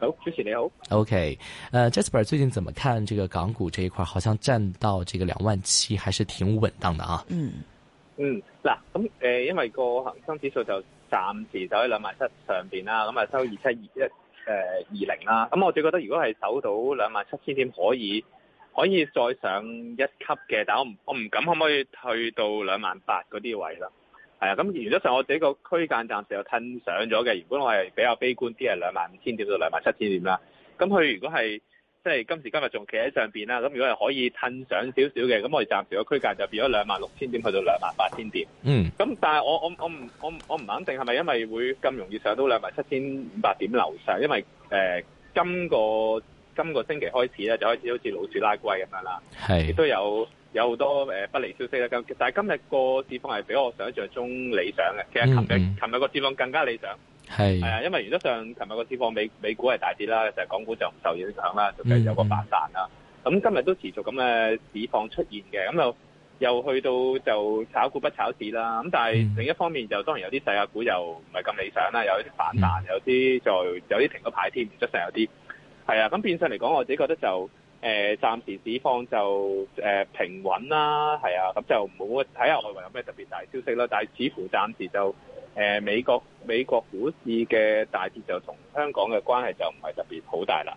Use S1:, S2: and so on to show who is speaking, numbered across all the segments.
S1: 好，主持，你好。
S2: O K，誒，Jasper 最近怎麼看這個港股這一塊？好像站到這個兩萬七，還是挺穩當的
S1: 啊。嗯嗯，嗱，咁、呃、誒，因為個恒生指數就暫時就喺兩萬七上邊啦、啊，咁、呃、啊收二七二一誒二零啦。咁我哋覺得如果係守到兩萬七千點，可以可以再上一級嘅，但係我唔我唔敢可唔可以退到兩萬八嗰啲位啦。係啊，咁原則上我自己個區間暫時又吞上咗嘅。原本我係比較悲觀啲，係兩萬五千點到兩萬七千點啦。咁佢如果係即係今時今日仲企喺上面啦，咁如果係可以吞上少少嘅，咁我哋暫時個區間就變咗兩萬六千點去到兩萬八千點。嗯。咁但係我我我唔我我唔肯定係咪因為會咁容易上到兩萬七千五百點樓上，因為誒、呃、今個今個星期開始咧就開始好似老鼠拉龜咁樣啦。亦都有。有好多誒不利消息啦，但係今日個市況係比我想象中理想嘅。其實琴日琴日個市況更加理想，
S2: 係啊，因
S1: 為原則上琴日個市況美美股係大跌啦，成日港股就唔受影響啦，仲係有個反彈啦。咁、嗯、今日都持續咁嘅市況出現嘅，咁又又去到就炒股不炒市啦。咁但係另一方面就當然有啲細價股又唔係咁理想啦，有啲反彈，有啲就，有啲停咗牌添，原係成有啲係啊。咁變相嚟講，我自己覺得就。誒暫時市況就平穩啦，啊，咁就唔好睇下外圍有咩特別大消息啦。但係似乎暫時就美國美國股市嘅大跌，就同香港嘅關係就唔係特別好大啦。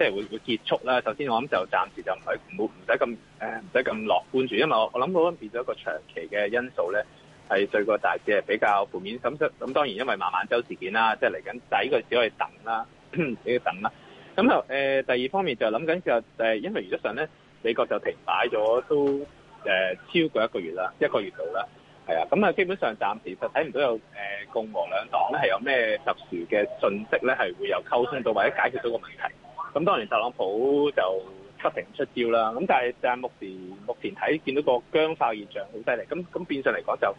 S1: 即係會會結束啦。首先，我諗就暫時就唔係唔冇唔使咁唔使咁樂觀住，因為我我諗嗰變變咗一個長期嘅因素咧，係對個大市係比較負面。咁咁當然，因為孟晚舟事件啦，即係嚟緊，第、這、一個只可以等啦，你 要等啦。咁就、呃、第二方面就諗緊就因為原則上咧美國就停擺咗都超過一個月啦，一個月度啦，係啊。咁啊，基本上暫時就睇唔到有共和兩黨咧係有咩特殊嘅訊息咧，係會有溝通到或者解決到個問題。咁當然特朗普就不停出招啦，咁但係但係目前目前睇見到個僵化現象好犀利。咁咁變相嚟講就誒、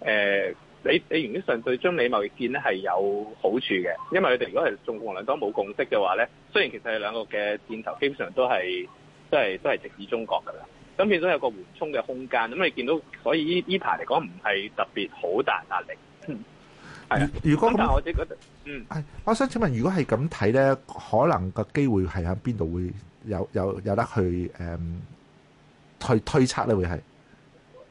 S1: 呃，你你原則上對中美貿易戰咧係有好處嘅，因為佢哋如果係中共兩黨冇共識嘅話咧，雖然其實係兩個嘅箭頭基本上都係都係都係直指中國㗎啦，咁變咗有個緩衝嘅空間，咁你見到所以呢排嚟講唔係特別好大壓力。嗯如果但係我自己覺得，嗯，我想請問，如果係咁睇咧，可能個機會係喺邊度會有有有得去誒、嗯？推推測咧，會係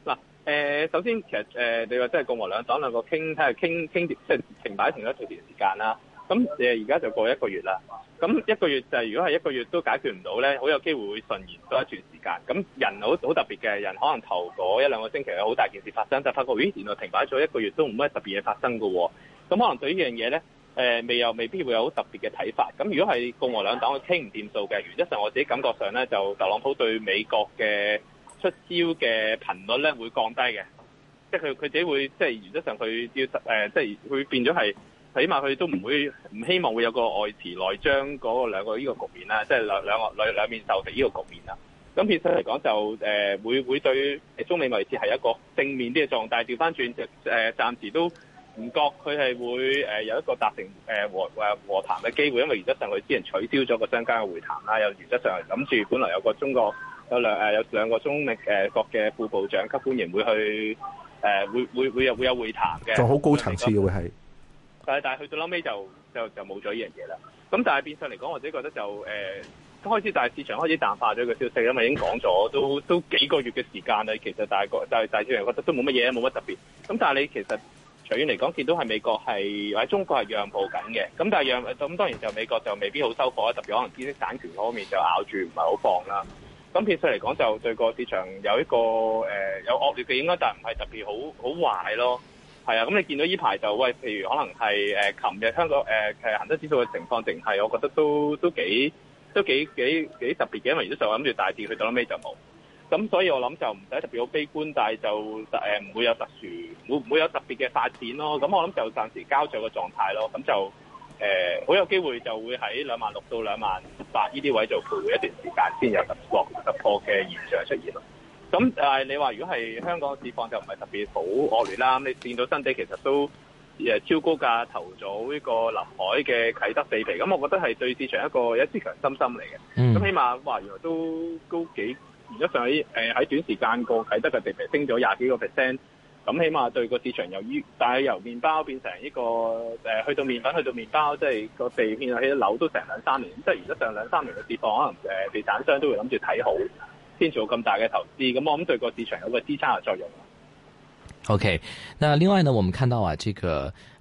S1: 嗱誒，首先其實誒，你話即係共和兩黨兩個傾，睇下傾傾完即係停擺停咗一段時間啦。咁誒而家就過一個月啦，咁一個月就係如果係一個月都解決唔到咧，好有機會會順延咗一段時間。咁人好好特別嘅人，可能頭嗰一兩個星期有好大件事發生，就發覺咦，原來停擺咗一個月都唔乜特別嘢發生㗎喎。咁可能對呢樣嘢咧，未又未必會有好特別嘅睇法。咁如果係共和兩黨，佢傾唔掂數嘅。原則上我自己感覺上咧，就特朗普對美國嘅出招嘅頻率咧會降低嘅，即係佢佢自己會即係原則上佢要誒即係會變咗係。起碼佢都唔會唔希望會有個外持內張嗰兩個呢個局面啦，即係兩兩個面受敵呢個局面啦。咁其實嚟講就誒、呃、會會對中美貿易係一個正面啲嘅狀態。調翻轉就誒暫時都唔覺佢係會有一個達成和誒和,和談嘅機會，因為原則上佢之前取消咗個雙邊嘅會談啦，有原則上諗住本來有個中國有兩誒有兩個中立國嘅副部長級官員會去誒、呃、會會會,會有會有會談嘅，仲好高層次嘅會係但係，但係去到嬲尾就就就冇咗呢樣嘢啦。咁但係變相嚟講，我自己覺得就誒、呃、開始，大市場開始淡化咗個消息，因為已經講咗都都幾個月嘅時間啦。其實大個但係大市又覺得都冇乜嘢，冇乜特別。咁但係你其實長遠嚟講，見到係美國係喺中國係讓步緊嘅。咁但係讓咁當然就美國就未必好收貨啦，特別可能知識產權方面就咬住唔係好放啦。咁變相嚟講，就對個市場有一個誒、呃、有惡劣嘅影響，但係唔係特別好好壞咯。係啊，咁你見到依排就喂，譬如可能係誒琴日香港誒誒、呃、恆生指數嘅情況，定係我覺得都都幾都幾幾幾特別嘅，因為而家就諗住大跌去到尾就冇。咁所以我諗就唔使特別好悲觀，但係就誒唔、呃、會有特殊，唔會，會有特別嘅發展咯。咁我諗就暫時膠著嘅狀態咯。咁就誒好、呃、有機會就會喺兩萬六到兩萬八呢啲位就徘徊一段時間，先有突破突破嘅現象出現咯。咁你話如果係香港市況就唔係特別好惡劣啦，咁你見到新地其實都超高價投咗呢個臨海嘅啟德地皮，咁我覺得係對市場一個一支強心心嚟嘅。咁起碼話原來都高幾，而家上喺喺短時間個啟德嘅地皮升咗廿幾個 percent，咁起碼對個市場有依，但係由麵包變成呢個去到麵粉去到麵包，即係個地皮起得樓都成兩三年，即係而家上兩三年嘅市況，可能地產商都會諗住睇好。先做咁大嘅投資，咁我諗對個市場有個支撐嘅作用。
S2: OK，那另外呢，我們看到啊，這個。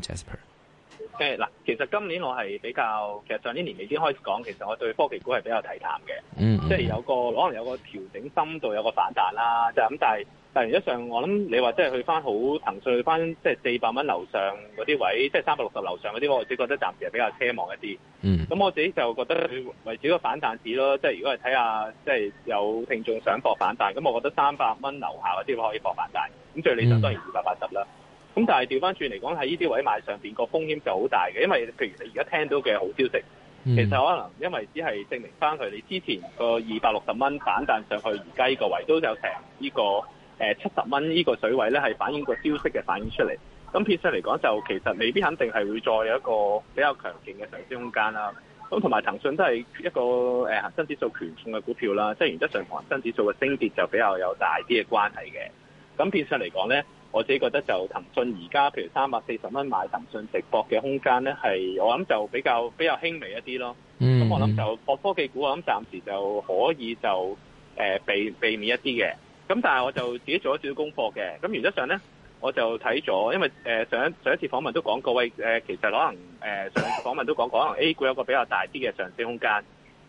S2: Jasper，
S1: 嗱，其實今年我係比較，其實上年年已經開始講，其實我對科技股係比較睇淡嘅，嗯、
S2: mm -hmm.，即係有
S1: 個可能有個調整深度，有個反彈啦，就係、是、咁，但係但係一上，我諗你話即係去翻好騰訊，去翻即係四百蚊樓上嗰啲位，即係三百六十樓上嗰啲，我自己覺得暫時係比較奢望一啲，嗯，咁我自己就覺得為止個反彈市咯，即係如果係睇下，即、就、係、是、有聽眾想博反彈，咁我覺得三百蚊樓下嗰啲可以博反彈，咁最理想當然二百八十啦。Mm -hmm. 咁但係調翻轉嚟講，喺呢啲位買上面個風險就好大嘅，因為譬如你而家聽到嘅好消息，其實可能因為只係證明翻佢你之前個二百六十蚊反彈上去，而家呢個位都有成呢個誒七十蚊呢個水位咧，係反映個消息嘅反映出嚟。咁變相嚟講，就其實未必肯定係會再有一個比較強勁嘅上升空間啦。咁同埋騰訊都係一個誒恆生指數權重嘅股票啦，即係原則上同恆生指數嘅升跌就比較有大啲嘅關係嘅。咁變相嚟講咧。我自己覺得就騰訊而家譬如三百四十蚊買騰訊直播嘅空間咧，係我諗就比較比較輕微一啲咯。咁、嗯、我諗就博科技股，我諗暫時就可以就誒、呃、避避免一啲嘅。咁但係我就自己做咗少少功課嘅。咁原則上咧，我就睇咗，因為誒、呃、上一上一次訪問都講過，喂、呃、其實可能誒、呃、上一次訪問都講過，可能 A 股有個比較大啲嘅上升空間。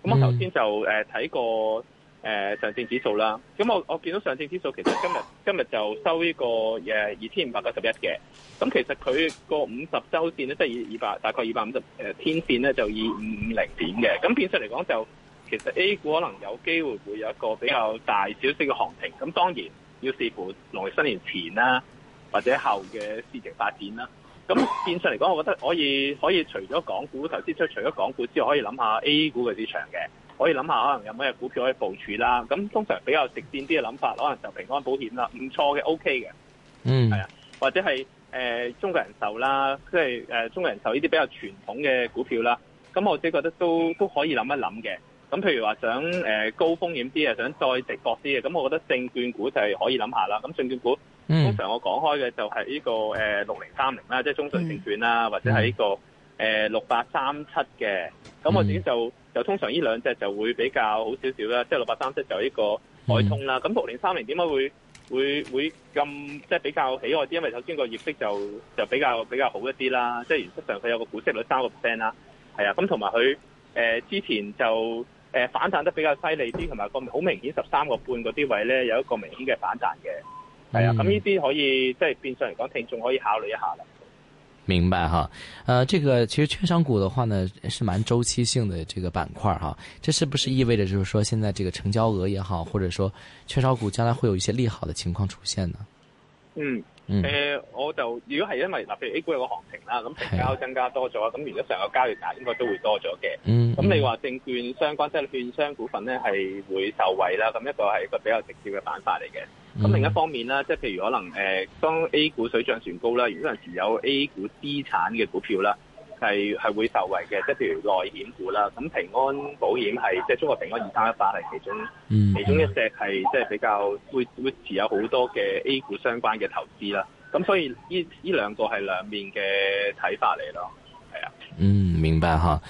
S1: 咁我頭先就睇、呃、過。誒、呃、上證指數啦，咁我我見到上證指數其實今日今日就收呢個誒二千五百九十一嘅，咁其實佢個五十週線咧，即係二二百大概二百五十天線咧，就二五五零點嘅，咁變相嚟講就其實 A 股可能有機會會有一個比較大少少嘅行情，咁當然要視乎農曆新年前啦、啊、或者後嘅事情發展啦、啊，咁變相嚟講，我覺得可以可以除咗港股，頭先出除咗港股之外，可以諗下 A 股嘅市場嘅。可以諗下，可能有咩股票可以部署啦。咁通常比較直線啲嘅諗法，可能就平安保險啦，唔錯嘅，OK 嘅。嗯。係啊，或者係誒、呃、中國人壽啦，即係誒中國人壽呢啲比較傳統嘅股票啦。咁我自己覺得都都可以諗一諗嘅。咁譬如話想誒、呃、高風險啲啊，想再直覺啲嘅。咁我覺得證券股就係可以諗下啦。咁證券股、嗯、通常我講開嘅就係呢、這個誒六零三零啦，呃、6030，即係中信證券啦、嗯，或者係呢、這個。嗯誒六八三七嘅，咁我自己就、嗯、就、就通常呢兩隻就會比較好少少啦，即係六八三七就呢、是、個海通啦。咁六零三零點解會會會咁即係比較喜愛啲？因為首先個業績就就比較比較好一啲啦，即、就、係、是、原則上佢有個股息率三個 percent 啦，係啊。咁同埋佢誒之前就誒、呃、反彈得比較犀利啲，同埋個好明顯十三個半嗰啲位咧有一個明顯嘅反彈嘅，
S2: 係、嗯、啊。咁呢
S1: 啲可以即係、就是、變相嚟講，聽眾可以考慮一下啦。
S2: 明白哈，呃，這個其實券商股的話呢是蠻周期性的這個板塊哈、啊，這是不是意味着就是說現在這個成交額也好，或者說券商股將來會有一些利好的情況出現呢？嗯，
S1: 嗯呃，我就如果係因為，嗱，譬如 A 股有個行情啦，咁成交增加多咗，咁、啊、如果上個交易日、啊、應該都會多咗嘅，嗯，咁你話證券相關，嗯、即係券商股份呢，係會受惠啦，咁一個係一個比較直接嘅板塊嚟嘅。咁、嗯、另一方面咧，即係譬如可能誒、呃、當 A 股水漲船高啦，如果係持有 A 股資產嘅股票啦，係係會受惠嘅。即係譬如內險股啦，咁平安保險係即係中國平安二三一八係其中、嗯、其中一隻係即係比較會會持有好多嘅 A 股相關嘅投資啦。咁所以呢呢兩個係兩面嘅
S2: 睇法嚟咯，係啊。嗯，明白吓。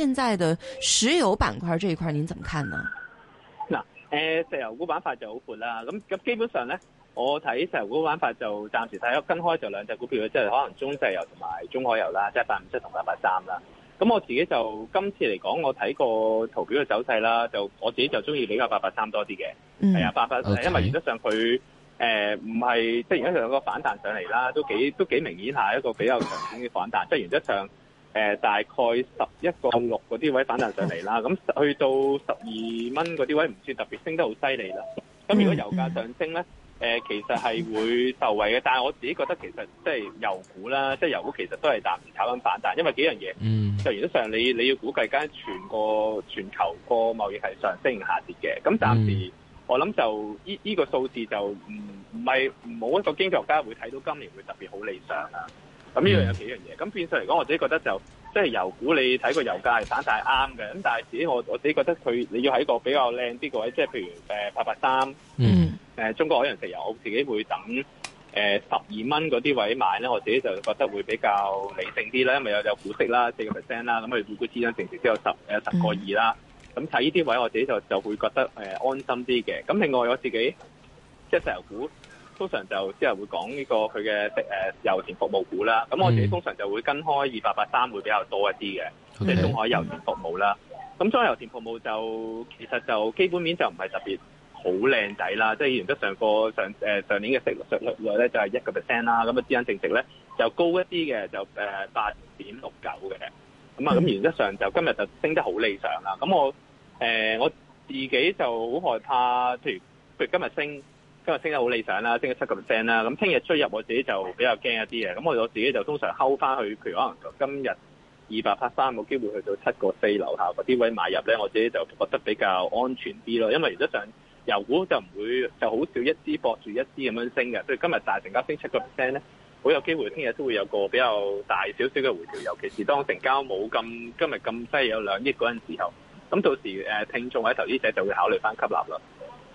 S3: 現在的石油板塊這一塊，您怎麼看呢？嗱，
S1: 誒，石油股板塊就好闊啦，咁咁基本上咧，我睇石油股板塊就暫時睇咗跟開就兩隻股票，即係可能中石油同埋中海油啦，即係八五七同八八三啦。咁我自己就今次嚟講，我睇過圖表嘅走勢啦，就我自己就中意比較八八三多啲嘅，係、嗯、啊，八八，883, okay. 因為原則上佢誒唔係即係而家有個反彈上嚟啦，都幾都幾明顯下一個比較強嘅反彈，即係 原則上。呃、大概十一個六嗰啲位反彈上嚟啦，咁去到十二蚊嗰啲位唔算特別升得好犀利啦。咁如果油價上升咧、呃，其實係會受惠嘅，但係我自己覺得其實即係油股啦，即係油股其實都係暫時炒緊反彈，因為幾樣嘢。嗯。就原則上你，你你要估計緊全個全球個貿易係上升下跌嘅。咁暫時、嗯、我諗就依依個數字就唔唔係冇一個經濟學家會睇到今年會特別好理想啦、啊。咁、嗯、呢樣有幾樣嘢，咁變相嚟講、就是，我自己覺得就即係油股，你睇個油價係散大啱嘅。咁但係自己我我自己覺得佢你要喺個比較靚啲個位，即、就、係、是、譬如誒八八三，呃、883, 嗯、呃，中國海洋石油，我自己會等誒十二蚊嗰啲位買咧，我自己就覺得會比較理性啲啦，因為有有股息啦，四個 percent 啦，咁佢每股資產淨值都有十誒十個二啦，咁睇呢啲位我自己就就會覺得、呃、安心啲嘅。咁另外我自己即係石油股。通常就之後會講呢個佢嘅誒油田服務股啦，咁我哋通常就會跟開二八八三會比較多一啲嘅，即、okay. 係中海油田服務啦。咁中海油田服務就其實就基本面就唔係特別好靚仔啦，即係原則上個上、呃、上年嘅息率率咧就係一個 percent 啦，咁嘅資產淨值咧就高一啲嘅，就誒八點六九嘅。咁啊，咁原則上就今日就升得好理想啦。咁我、呃、我自己就好害怕，譬如，譬如今日升。因為升得好理想啦，升咗七個 percent 啦，咁聽日追入我自己就比較驚一啲嘅，咁我我自己就通常睺翻去，譬如可能今日二百八三冇機會去到七個四樓下嗰啲位置買入咧，我自己就覺得比較安全啲咯。因為如果上油股就唔會，就好少一支搏住一支咁樣升嘅，所以今日大成交升七個 percent 咧，好有機會聽日都會有個比較大少少嘅回調，尤其是當成交冇咁今日咁低有兩億嗰陣時候，咁到時誒聽眾或者投資者就會考慮翻吸納啦。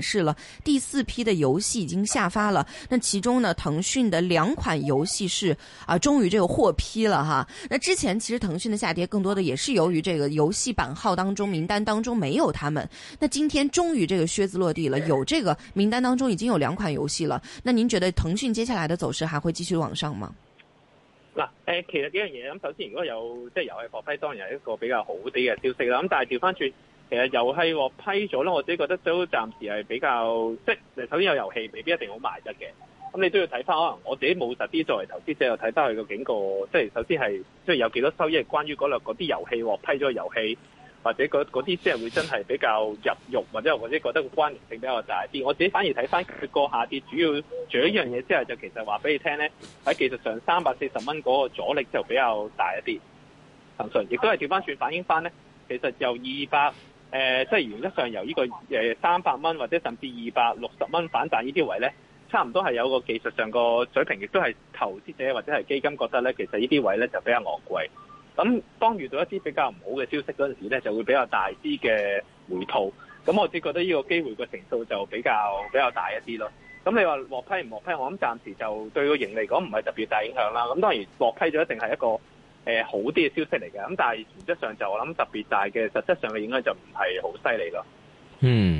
S3: 是了，第四批的遊戲已經下發了。那其中呢，騰訊的兩款遊戲是啊，終於這個獲批了哈。那之前其實騰訊的下跌，更多的也是由於這個遊戲版號當中名單當中沒有他們。那今天終於這個靴子落地了，有這個名單當中已經有兩款遊戲了。那您覺得騰訊接下來的走勢還會繼續往上嗎？嗱，呃，
S1: 其實幾樣嘢，咁首先如果有即係遊戲獲批，當然係一個比較好啲嘅消息啦。咁但係調返轉。其實遊戲獲批咗咧，我自己覺得都暫時係比較即係首先有遊戲，未必一定好賣得嘅。咁你都要睇翻，可能我自己冇特啲作為投資者，又睇翻佢個警告。即係首先係即係有幾多收益，關於嗰度嗰啲遊戲獲批咗嘅遊戲，或者嗰啲先係會真係比較入肉，或者或者覺得個關聯性比較大啲。我自己反而睇翻佢個下跌主，主要除咗一樣嘢之外，就其實話俾你聽咧，喺技術上三百四十蚊嗰個阻力就比較大一啲。騰訊亦都係調翻轉反映翻咧，其實就二百。誒、呃，即、就、係、是、原則上由呢個誒三百蚊或者甚至二百六十蚊反彈這些位呢啲位咧，差唔多係有個技術上個水平，亦都係投資者或者係基金覺得咧，其實這些位呢啲位咧就比較昂貴。咁當遇到一啲比較唔好嘅消息嗰陣時咧，就會比較大啲嘅回吐。咁我只覺得呢個機會個成數就比較比較大一啲咯。咁你話獲批唔獲批，我諗暫時就對個盈利嚟講唔係特別大影響啦。咁當然獲批咗一定係一個。誒好啲嘅消息嚟嘅，咁但係原則上就我諗特別大嘅，實質上嘅影響就唔係好犀利咯。嗯。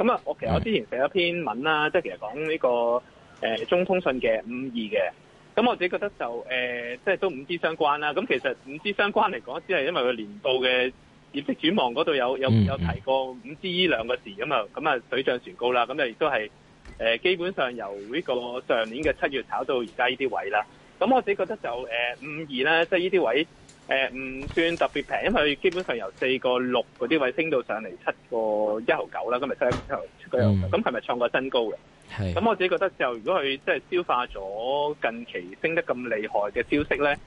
S1: 咁啊，我其實我之前寫咗篇文啦，即係其實講呢個誒中通訊嘅五二嘅。咁我自己覺得就誒，即係都 5G 相關啦。咁其實 5G 相關嚟講，只係因為佢年度嘅業績展望嗰度有有有提過 5G 依兩個字咁啊，咁啊水漲船高啦。咁啊亦都係誒，基本上由呢個上年嘅七月炒到而家呢啲位啦。咁我自己覺得就誒，五二咧，即係呢啲位。誒、呃、唔算特別平，因為基本上由四個六嗰啲位升到上嚟七個一毫九啦，今日七個一毫九。咁係咪創過新高嘅？係。咁我自己覺得就如果佢即係消化咗近期升得咁厲害嘅消息咧，誒、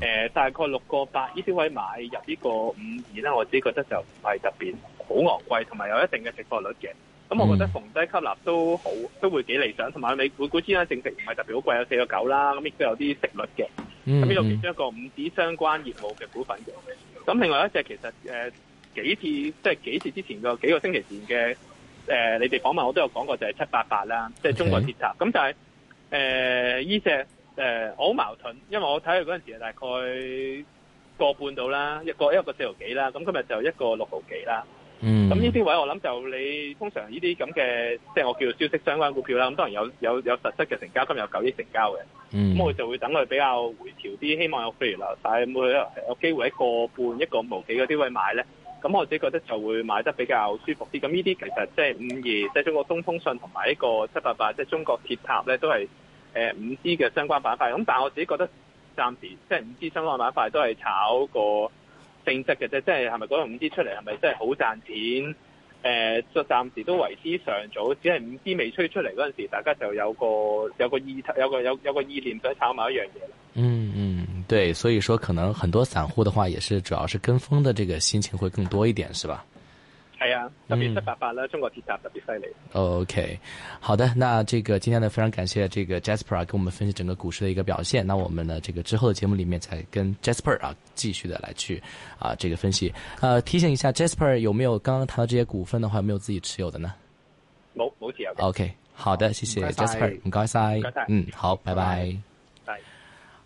S1: 呃、大概六個八呢啲位買入呢個五二咧，我自己覺得就唔係特別好昂貴，同埋有一定嘅值博率嘅。咁、嗯、我覺得逢低吸納都好，都會幾理想。同埋你每股之啦，淨值唔係特別好貴，有四個九啦。咁亦都有啲息率嘅。
S2: 咁呢度其
S1: 中一個 5G 相關業務嘅股份嘅。咁、嗯、另外一隻其實誒、呃、幾次，即係幾次之前個幾個星期前嘅誒、呃，你哋訪問我都有講過，就係、是、七八八啦，即、就、係、是、中國鐵塔。咁、okay。就係誒呢隻誒，我好矛盾，因為我睇佢嗰陣時大概個半到啦，一個一個四毫幾啦。咁今日就一個六毫幾啦。咁呢啲位我諗就你通常呢啲咁嘅，即係我叫做消息相關股票啦。咁當然有有有實質嘅成交，今日有九億成交嘅。
S2: 咁我就
S1: 會等佢比較回調啲，希望有譬如啦，但係會有機會喺個半一個無幾嗰啲位買咧。咁我自己覺得就會買得比較舒服啲。咁呢啲其實即係五二，即係中國東風信同埋一個七八八，即係中國鐵塔咧，都係五 G 嘅相關板塊。咁但係我自己覺得暫時即係五 G 相關板塊都係炒個性質嘅啫，即係係咪嗰輪 5G 出嚟，係咪真係好賺錢？誒、呃，就暫時都為之尚早，只係 5G 未推出嚟嗰陣時候，大家就有個有個意有個有個有個意念想炒某一樣嘢。嗯嗯，
S2: 對，所以說可能很多散戶的話，也是主要是跟風的，這個心情會更多一點，是吧？係啊，
S1: 特別七八
S2: 八啦，中國鐵塔特別犀利。OK，好的，那這個今天呢，非常感謝這個 Jasper 啊，跟我們分析整個股市的一個表現。那我們呢，這個之後的節目裏面再跟 Jasper 啊，繼續的來去啊，這個分析。呃，提醒一下 Jasper，有沒有剛剛談到這些股份的話，有沒有自己持有的呢？冇冇持有的。OK，好的，好謝謝，謝，謝 Jasper，唔該晒，嗯，好，拜拜。拜拜